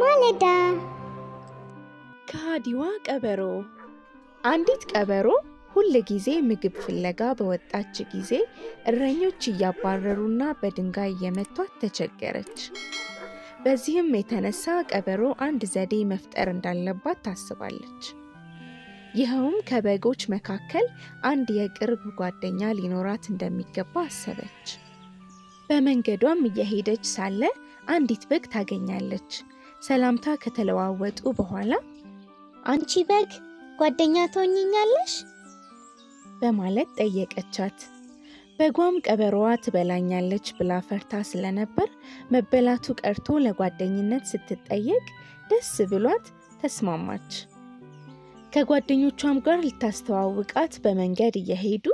ማለዳ ከሃዲዋ ቀበሮ። አንዲት ቀበሮ ሁል ጊዜ ምግብ ፍለጋ በወጣች ጊዜ እረኞች እያባረሩና በድንጋይ እየመቷት ተቸገረች። በዚህም የተነሳ ቀበሮ አንድ ዘዴ መፍጠር እንዳለባት ታስባለች። ይኸውም ከበጎች መካከል አንድ የቅርብ ጓደኛ ሊኖራት እንደሚገባ አሰበች። በመንገዷም እየሄደች ሳለ አንዲት በግ ታገኛለች። ሰላምታ ከተለዋወጡ በኋላ አንቺ በግ ጓደኛ ትሆኝኛለሽ? በማለት ጠየቀቻት። በጓም ቀበሮዋ ትበላኛለች ብላ ፈርታ ስለነበር መበላቱ ቀርቶ ለጓደኝነት ስትጠየቅ ደስ ብሏት ተስማማች። ከጓደኞቿም ጋር ልታስተዋውቃት በመንገድ እየሄዱ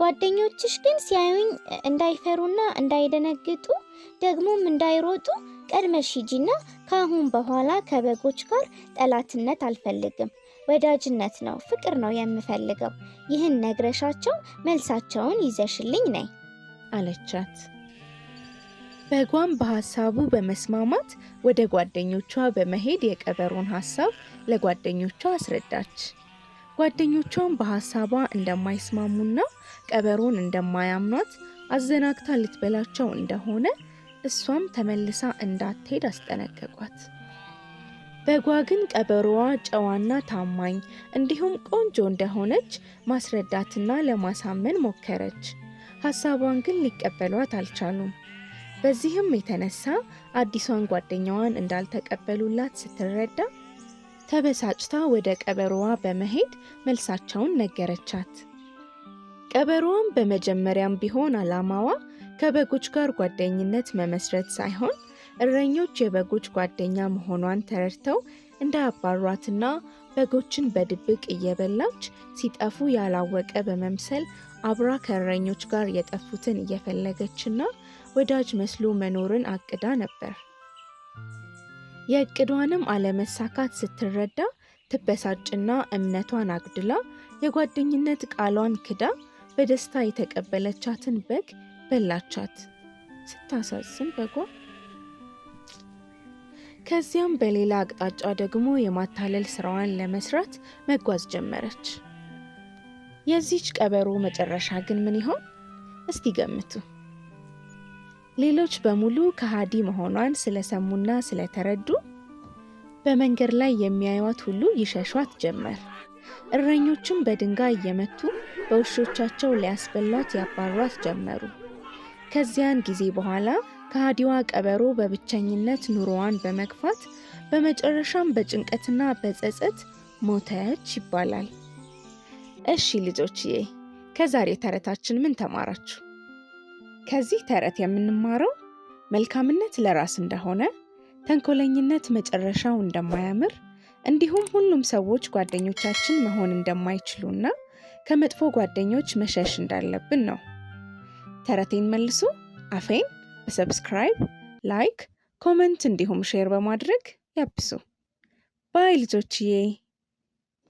ጓደኞችሽ ግን ሲያዩኝ እንዳይፈሩና እንዳይደነግጡ ደግሞም እንዳይሮጡ ቀድመሽ ሂጂና ከአሁን በኋላ ከበጎች ጋር ጠላትነት አልፈልግም፣ ወዳጅነት ነው፣ ፍቅር ነው የምፈልገው። ይህን ነግረሻቸው መልሳቸውን ይዘሽልኝ ነይ አለቻት። በጓም በሀሳቡ በመስማማት ወደ ጓደኞቿ በመሄድ የቀበሮን ሀሳብ ለጓደኞቿ አስረዳች። ጓደኞቿን በሀሳቧ እንደማይስማሙና ቀበሮን እንደማያምኗት አዘናግታ ልትበላቸው እንደሆነ እሷም ተመልሳ እንዳትሄድ አስጠነቀቋት። በጓ ግን ቀበሮዋ ጨዋና ታማኝ እንዲሁም ቆንጆ እንደሆነች ማስረዳትና ለማሳመን ሞከረች። ሀሳቧን ግን ሊቀበሏት አልቻሉም። በዚህም የተነሳ አዲሷን ጓደኛዋን እንዳልተቀበሉላት ስትረዳ ተበሳጭታ ወደ ቀበሮዋ በመሄድ መልሳቸውን ነገረቻት። ቀበሮዋም በመጀመሪያም ቢሆን ዓላማዋ ከበጎች ጋር ጓደኝነት መመስረት ሳይሆን እረኞች የበጎች ጓደኛ መሆኗን ተረድተው እንዳያባሯትና በጎችን በድብቅ እየበላች ሲጠፉ ያላወቀ በመምሰል አብራ ከእረኞች ጋር የጠፉትን እየፈለገችና ወዳጅ መስሎ መኖርን አቅዳ ነበር። የእቅዷንም አለመሳካት ስትረዳ ትበሳጭና እምነቷን አግድላ የጓደኝነት ቃሏን ክዳ በደስታ የተቀበለቻትን በግ በላቻት። ስታሳዝን በጓ። ከዚያም በሌላ አቅጣጫ ደግሞ የማታለል ስራዋን ለመስራት መጓዝ ጀመረች። የዚች ቀበሮ መጨረሻ ግን ምን ይሆን? እስቲ ገምቱ። ሌሎች በሙሉ ከሃዲ መሆኗን ስለሰሙና ስለተረዱ በመንገድ ላይ የሚያዩት ሁሉ ይሸሿት ጀመር። እረኞቹም በድንጋይ እየመቱ በውሾቻቸው ሊያስበሏት ያባሯት ጀመሩ። ከዚያን ጊዜ በኋላ ከሃዲዋ ቀበሮ በብቸኝነት ኑሮዋን በመግፋት በመጨረሻም በጭንቀትና በጸጸት ሞተች ይባላል። እሺ ልጆችዬ፣ ከዛሬ ተረታችን ምን ተማራችሁ? ከዚህ ተረት የምንማረው መልካምነት ለራስ እንደሆነ፣ ተንኮለኝነት መጨረሻው እንደማያምር፣ እንዲሁም ሁሉም ሰዎች ጓደኞቻችን መሆን እንደማይችሉና ከመጥፎ ጓደኞች መሸሽ እንዳለብን ነው። ተረቴን መልሱ አፌን በሰብስክራይብ፣ ላይክ፣ ኮመንት እንዲሁም ሼር በማድረግ ያብሱ። ባይ ልጆችዬ።